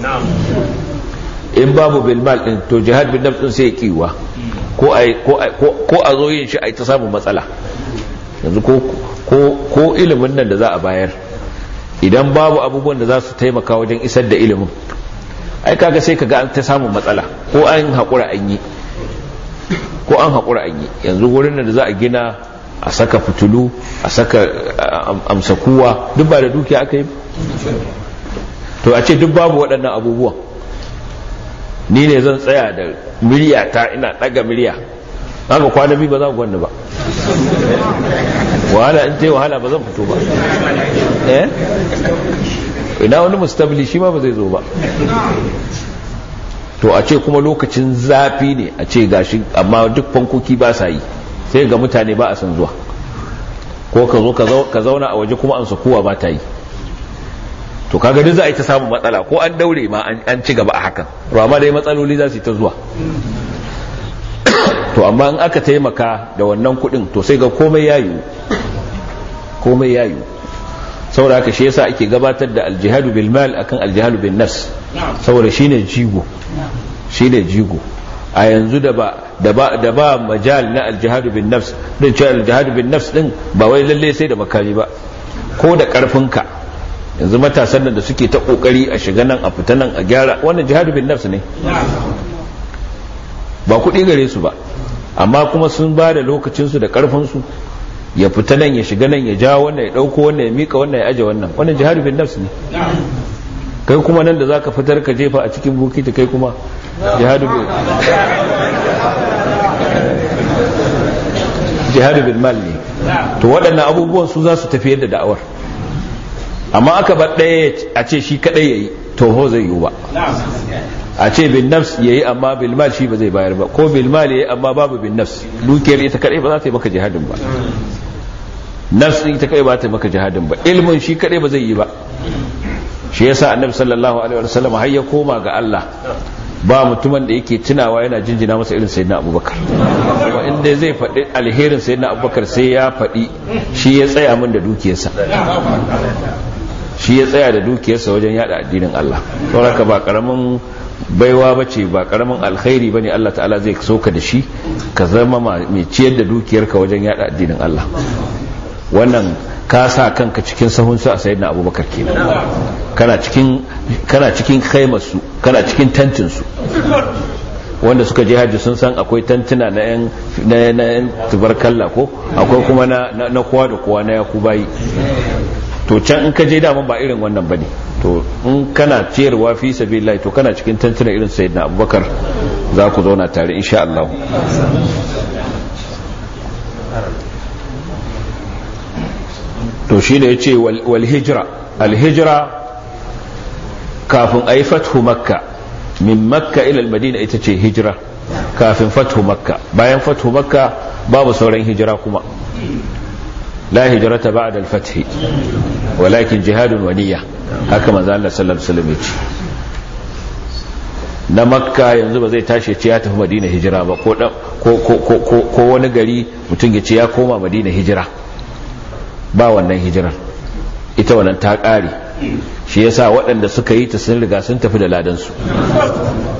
in babu bil mal din to jihad bin nafs din sai ya kiwa ko a zo yin shi a ta samu matsala yanzu ko ko ilimin nan da za a bayar idan babu abubuwan da za su taimaka wajen isar da ilimin ai kaga sai kaga an ta samu matsala ko an haƙura an yi ko an haƙura an yi yanzu wurin da za a gina a saka fitulu a saka amsakuwa duk ba da dukiya aka yi to a ce duk babu waɗannan abubuwa ni ne zan tsaya da miliya ina ɗaga miliya haka kwana biyu ba za ku wanda ba wahala in ta yi wahala ba zan fito ba eh ina wani mustabili shi ma ba zai zo ba to a ce kuma lokacin zafi ne a ce gashi amma duk fankoki ba sa yi sai ga mutane ba a san zuwa ko ka zo ka zauna a waje kuma an kowa ba ta yi to kaga duk za a yi ta samun matsala ko an daure ma an ci gaba a hakan to amma dai matsaloli za su yi ta zuwa to amma in aka taimaka da wannan kuɗin to sai ga komai ya yiwu komai ya yi saboda haka shi yasa ake gabatar da aljihadu bil mal akan aljihadu bin nafs saboda shine jigo shine jigo a yanzu da ba da ba da ba majal na aljihadu bin nafs din cewa aljihadu bin nafs din ba wai lalle sai da makami ba ko da karfinka yanzu matasan nan da suke ta kokari a shiga nan a fita nan a gyara wannan jihadu bin nafs ne ba kuɗi gare su ba amma kuma sun ba da lokacinsu da ƙarfinsu ya fita nan ya shiga nan ya ja wannan ya dauko wannan ya mika wannan ya aje wannan wannan jihadu bin nafs ne kai kuma nan da zaka fitar ka jefa a cikin bukiti kai kuma jihadu bin jihadu bin mal ne to waɗannan abubuwan su za su tafi yadda da'awar amma aka bar ɗaya a ce shi kaɗai yayi to ho zai yiwu ba a ce bin nafs yayi amma bil mal shi ba zai bayar ba ko bil mal yayi amma babu bin nafs dukiyar ita kadai ba za ta yi maka jihadin ba nafsi ta kai ba ta maka jihadin ba ilmin shi kadai ba zai yi ba shi yasa annabi sallallahu alaihi wasallam har ya koma ga Allah ba mutumin da yake tunawa yana jinjina masa irin sayyidina abubakar kuma inda zai faɗi alherin sayyidina abubakar sai ya faɗi shi ya tsaya min da dukiyarsa shi ya tsaya da dukiyarsa wajen yada addinin Allah ka ba karamin baiwa bace ba karamin alkhairi bane Allah ta'ala zai soka da shi ka zama mai ciyar da dukiyarka wajen yada addinin Allah wannan ka sa kanka cikin sahun su a sayyidina abubakar kenan kana cikin kana cikin kana cikin tantinsu. wanda suka je hajji sun san akwai tantina na yan na tubarkalla ko akwai kuma na na kowa da kowa na yaku bayi to can in ka je daman ba irin wannan ba ne to in kana ciyarwa fi lai to kana cikin tantuna irin sayyidina abubakar za ku zauna tare insha Allah to shi ne ya ce walhijira alhijira kafin a yi fathu makka min makka ilal madina ita ce hijira kafin fathu makka bayan fathu makka babu sauran hijira kuma la hijrata ba'da da fath walakin jihadun waniya haka manzo Allah sallallahu alaihi na makka yanzu ba zai tashi ce ya tafi madina hijira ba ko ko wani gari mutum ya ce ya koma madina hijira ba wannan hijirar ita wannan ta ƙare shi ya sa waɗanda suka yi ta sun riga sun tafi da ladansu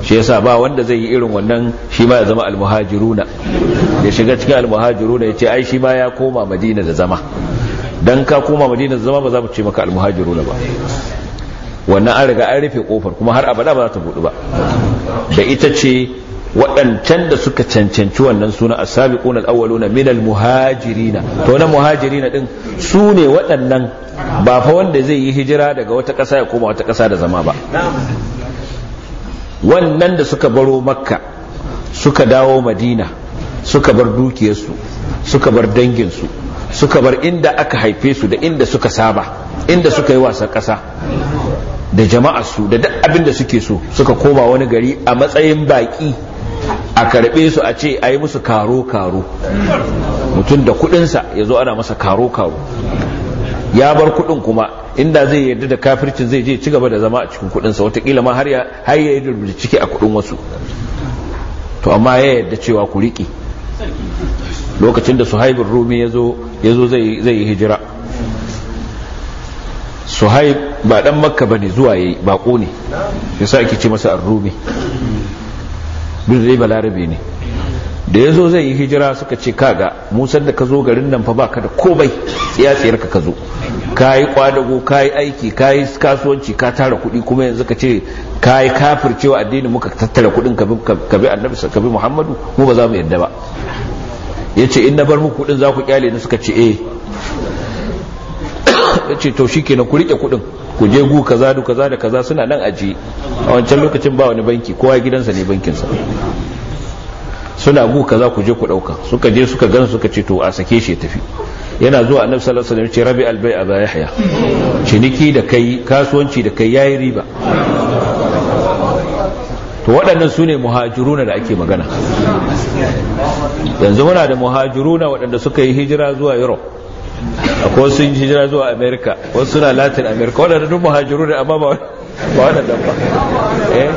shi ya sa ba wanda zai yi irin wannan shi ma ya zama almuhajiruna ya shiga cikin almuhajiruna ya ce ai shi ma ya koma madina da zama don ka koma madina da zama ba za mu ce maka almuhajiruna ba wannan an riga an rufe kofar kuma har abada ba za ta buɗu ba da ita ce waɗancan da suka cancanci wannan suna a sabiquna al-awwaluna min muhajirina to na muhajirina din su ne waɗannan ba fa wanda zai yi hijira daga wata ƙasa ya koma wata ƙasa da zama ba wannan da suka baro makka suka dawo madina suka bar dukiyarsu suka bar danginsu suka bar inda aka haife su da inda suka saba inda suka yi wasan ƙasa da jama'arsu da duk abin da suke so suka koma wani gari a matsayin baƙi a karbe su a ce a yi musu karo-karo mutum da kudinsa ya zo ana masa karo-karo ya bar kudin kuma inda zai yarda da kafircin zai je ci gaba da zama a cikin kudinsa watakila ma har ya yi da ciki a kudin wasu to amma ya yarda cewa ku riƙe lokacin da suhaibin rumi ya zo zai yi hijira suhaib ba dan makka ba ne zuwa ya yi baƙo ne ya sa ake ce masa rumi duk zai larabe ne da ya zo zai yi hijira suka ce kaga musar da ka zo garin nan fa baka da komai tsiyatsiyar ka ka zo ka yi kwadago ka yi aiki ka yi kasuwanci ka tara kuɗi kuma yanzu ka ce ka yi kafir cewa addini muka tattara kuɗin ka bi annabi ka bi muhammadu mu ba za mu yadda ba ya ce in na bar muku kuɗin za ku kyale ni suka ce eh [coughs] ya ce to shi kenan ku riƙe kuɗin ku je gu kaza da kaza da kaza suna nan ajiye a wancan lokacin ba wani banki kowa gidansa ne bankinsa suna gu kaza ku je ku dauka suka je suka gan suka ce to a sake shi tafi yana zuwa annabi sallallahu alaihi wasallam ce rabi albay aba yahya ciniki da kai kasuwanci da kai yayi riba to waɗannan su ne muhajiruna da ake magana yanzu muna da muhajiruna waɗanda suka yi hijira zuwa europe akwai sun hijira zuwa america wasu suna latin america wadanda duk muhajiru ne amma ba wadanda ba eh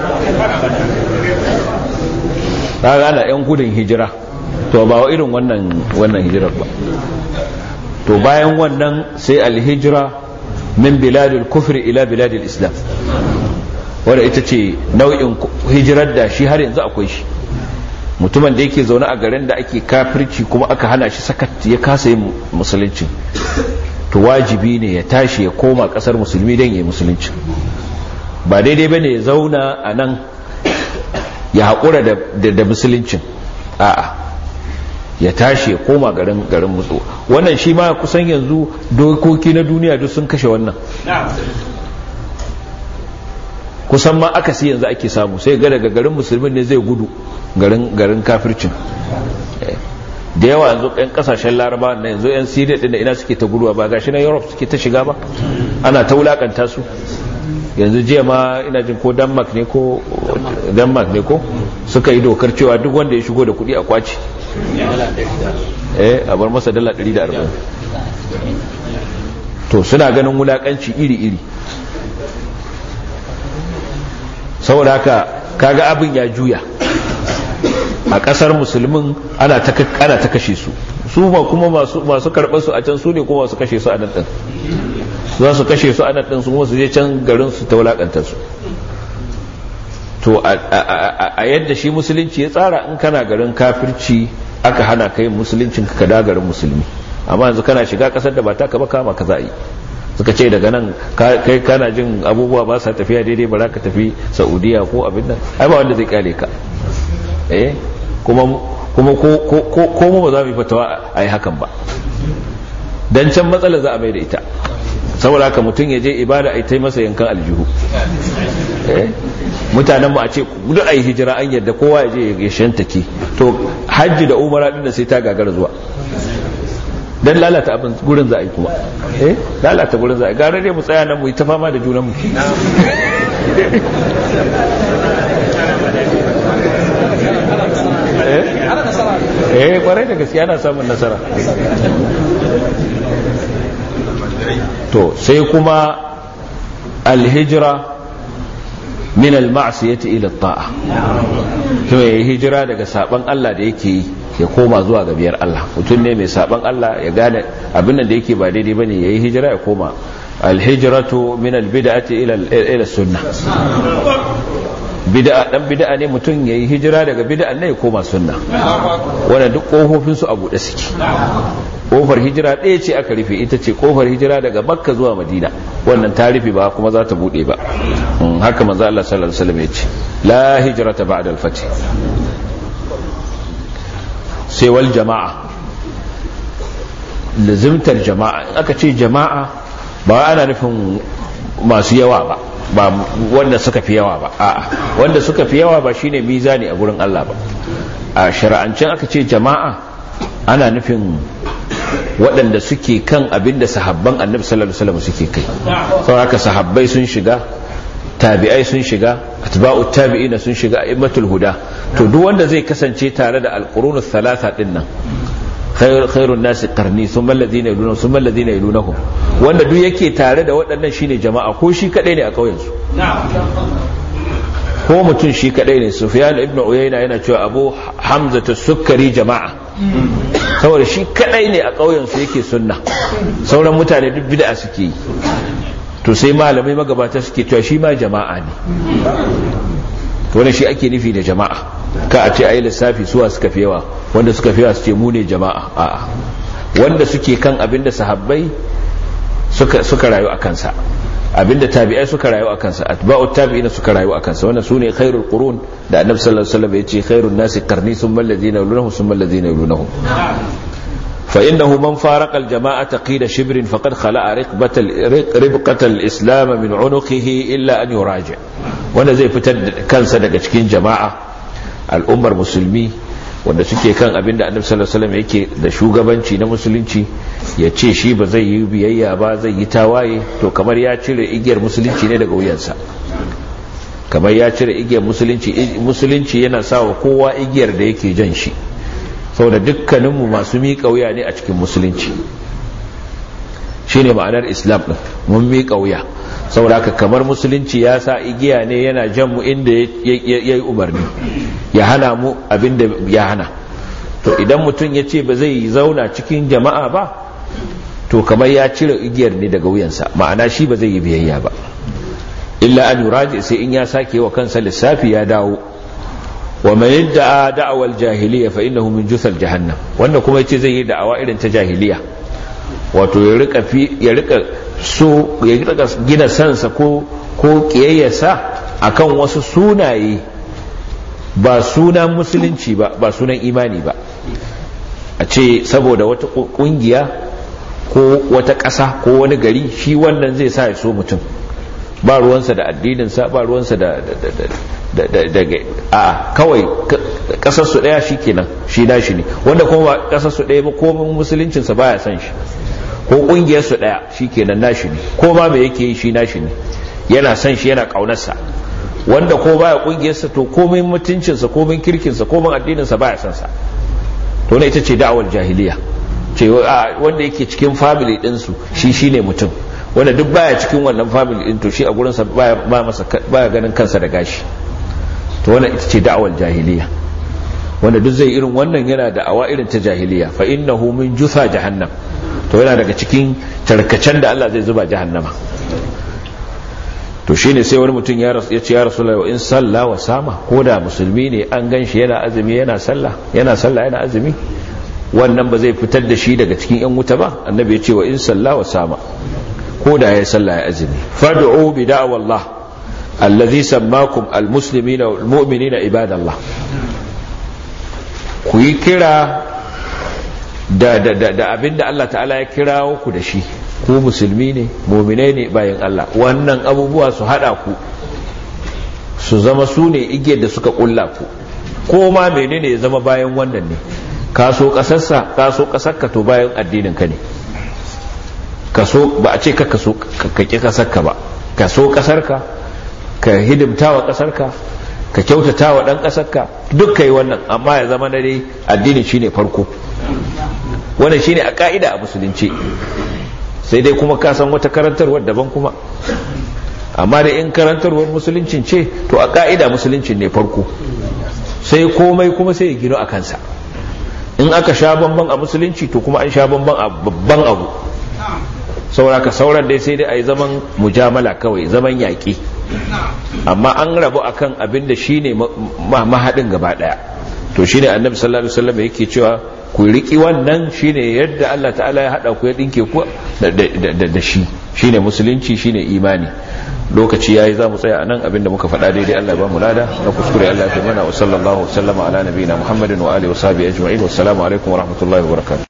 ta gana 'yan gudun hijira to ba irin wannan wannan hijirar ba to bayan wannan sai alhijira min biladul kufri ila biladul islam wadda ita ce nau'in hijirar da shi har yanzu akwai shi mutumin da yake zaune a garin da ake kafirci kuma aka hana shi sakat ya kasa yin musulunci to wajibi ne ya tashi ya koma kasar musulmi don yi musulunci ba daidai ba ne ya zauna a nan ya haƙura da musuluncin a'a ya tashi ya koma garin garin musu wannan shi ma kusan yanzu dokoki na duniya duk sun kashe wannan kusan ma aka za yanzu ake samu sai ga daga garin musulmin ne zai gudu garin kafircin eh, da yawa yanzu yan kasashen laraba na yanzu yan siriya ɗin da ina suke ta guduwa ba gashi na europe suke ta shiga ba ana ta wulakanta su yanzu jiya ma ina jin ko denmark ne ko suka yi dokar cewa duk wanda ya shigo da kuɗi a kwaci eh a bar masa dala 140 to suna ganin wulakanci iri-iri saboda haka kaga abin ya juya a kasar musulmin ana ta ana ta kashe su su ma kuma masu su a can su ne kuma su kashe su a nan din za su kashe su a nan din su kuma su je can garin su ta wulakanta su to a yadda shi musulunci ya tsara in kana garin kafirci aka hana kai musuluncin ka da garin musulmi amma yanzu kana shiga kasar da ba ta ka ba kama ka suka ce daga nan kai kana jin abubuwa ba sa tafiya daidai ba za ka tafi saudiya ko abin nan ai ba wanda zai kyale ka eh kuma kuma ko mu ba za mu yi fatawa a yi hakan ba dan can matsalar za a mai da ita saboda haka mutum ya je ibada ai tai masa yankan aljihu eh mutanen mu a ce duk ai hijira an yadda kowa ya je ya shantake to hajji da umara din da sai ta gagara zuwa dan lalata abin gurin za a yi kuma eh lalata gurin za a gare dai mu tsaya nan mu yi ta fama da junan mu eh, eh kwarai da gaskiya ana samun nasara to sai kuma alhijira min al-ma'siyati ila at-ta'a to yayi hijira daga saban Allah da yake yi ya koma zuwa ga biyar Allah mutum ne mai saban Allah ya gane abin da yake ba daidai bane yayi hijira ya koma alhijratu min albid'ati ila ila sunnah bid'a dan bid'a ne mutum yayi hijira daga bid'a na ya koma sunna wanda duk kofofin a bude suke kofar hijira ɗaya ce aka rufe ita ce kofar hijira daga makka zuwa madina wannan ta rufe ba kuma za ta buɗe ba hmm, haka manzo Allah sallallahu alaihi wasallam ya ce la hijrata ba'da al-fath sai wal jama'a lazimtar jama'a aka ce jama'a ba ana nufin masu yawa ba ba wanda suka fi yawa ba a'a wanda suka fi yawa ba shine mizani a gurin Allah ba a shari'ancin aka ce jama'a ana nufin waɗanda suke kan abinda da sahabban annabi sallallahu alaihi wasallam suke kai saboda sahabbai sun shiga tabi'ai sun shiga atba'u tabi'ina sun shiga a'immatul huda to duk wanda zai kasance tare da alqurunus thalatha din nan khairun nasi qarni thumma alladhina yalunhum thumma alladhina yalunhum wanda duk yake tare da waɗannan shine jama'a ko shi kadai ne a kauyen su ko mutum shi kadai ne sufyan ibn uyayna yana cewa abu hamza sukkari jama'a saboda shi kadai ne a kauyen su yake sunna sauran mutane duk bid'a suke yi to sai malamai magabata suke cewa shi ma jama'a ne wani shi ake nufi da jama'a ka a ce a yi lissafi suwa suka fewa wanda suka fewa su ce mu ne jama'a a'a wanda suke kan abinda da sahabbai suka rayu a kansa abinda tabi'ai suka rayu a kansa atba'u tabi'ina suka rayu a kansa wannan sune khairul qurun da annabi sallallahu alaihi wasallam ce khairun nasi qarni thumma alladhina yalunhum thumma alladhina yalunhum فإنه من فارق الجماعة قيل شبر فقد خلع رقبة ربقة الإسلام من عنقه إلا أن يراجع zai زي da kansa daga cikin جماعة al'ummar musulmi wanda suke kan abinda da annabi sallallahu alaihi wasallam yake da shugabanci na musulunci ya ce shi ba zai yi biyayya ba zai yi tawaye to kamar ya cire igiyar musulunci ne daga wuyansa kamar ya cire igiyar musulunci musulunci yana sawa kowa igiyar da yake jan shi da dukkaninmu masu miƙa wuya ne a cikin musulunci shi ne ma'anar islam ɗin mun miƙa wuya saboda kamar musulunci ya sa igiya ne yana jan mu inda ya yi umarni ya hana mu abinda ya hana to idan mutum ya ce ba zai zauna cikin jama'a ba to kamar ya cire igiyar ne daga wuyansa ma'ana shi ba zai yi biyayya ba illa an yuraji sai in ya sake wa kansa lissafi ya dawo wa man yad'a da'awal jahiliya fa innahu min jusal jahannam wanda kuma yace zai yi da'awa irin ta jahiliya wato ya rika fi ya rika so ya rika gina sansa ko ko kiyayyasa akan wasu sunaye ba sunan musulunci ba ba sunan imani ba a ce saboda wata kungiya ko wata ƙasa ko wani gari shi wannan zai sa ya so mutum ba ruwansa da addininsa ba ruwansa da daga a kawai kasar su daya shikenan shi shi ne wanda kuma ba kasar su daya ba komin musuluncin sa baya san shi ko kungiyar su daya shikenan nashi ne ko ba me yake yi shi nashi ne yana san shi yana kaunar sa wanda ko baya kungiyar sa to komin mutuncin sa komin kirkin sa komin addinin sa baya san sa to ne ita ce da'awar jahiliya ce wanda yake cikin family din su shi shine mutum wanda duk baya cikin wannan family din to shi a gurin sa baya masa baya ganin kansa da gashi to wannan ita ce da'awar jahiliya wanda duk zai irin wannan yana da'awa irin ta jahiliya fa innahu min jufa jahannam to yana daga cikin tarkacen da Allah zai zuba jahannama to shine sai wani mutum ya rasu ya ce ya rasulullahi wa in salla wa sama ko da musulmi ne an ganshi yana azumi yana sallah yana sallah yana azumi wannan ba zai fitar da shi daga cikin yan wuta ba annabi ya ce wa in salla wa sama ko da ya sallah ya azumi fad'u bi da'wallah allazi sammakum almuslimina na mu'minina ibadallah ku yi kira da da da, da abinda Allah ta'ala ya kirawo ku da shi ku musulmi ne mu'minai ne bayan Allah wannan abubuwa su hada ku su zama su ne igiyar da suka kulla ku ko ma menene ya zama bayan wannan ne ka so kasarsa ka so kasarka to bayan addinin ka ne ka so ba a ce ka so ka ki kasarka ba ka so kasarka ka hidimta wa ƙasarka ka kyautata wa ɗan ƙasarka duk ka yi wannan amma ya zama na dai addini shine farko wannan shine a ka'ida a musulunci sai dai kuma ka san wata karantarwar daban kuma amma da in karantarwar musuluncin ce to a ka'ida musuluncin ne farko sai komai kuma sai ya gino a kansa in aka sha bamban a musulunci to kuma an sha bamban a babban abu sauraka sauran dai sai dai a yi zaman mujamala kawai zaman yaƙi amma an rabu akan abin da shine mahadin gaba daya to shine annabi sallallahu alaihi wasallam yake cewa ku riki wannan shine yadda Allah ta'ala ya hada ku ya dinke ku da shi shine musulunci shine imani lokaci yayi zamu tsaya anan abin da muka faɗa daidai Allah ba mu lada na kuskure Allah ya mana wa sallallahu wasallama ala nabiyina Muhammadin wa alihi wa sahbihi ajma'in wassalamu alaikum wa rahmatullahi wa barakatuh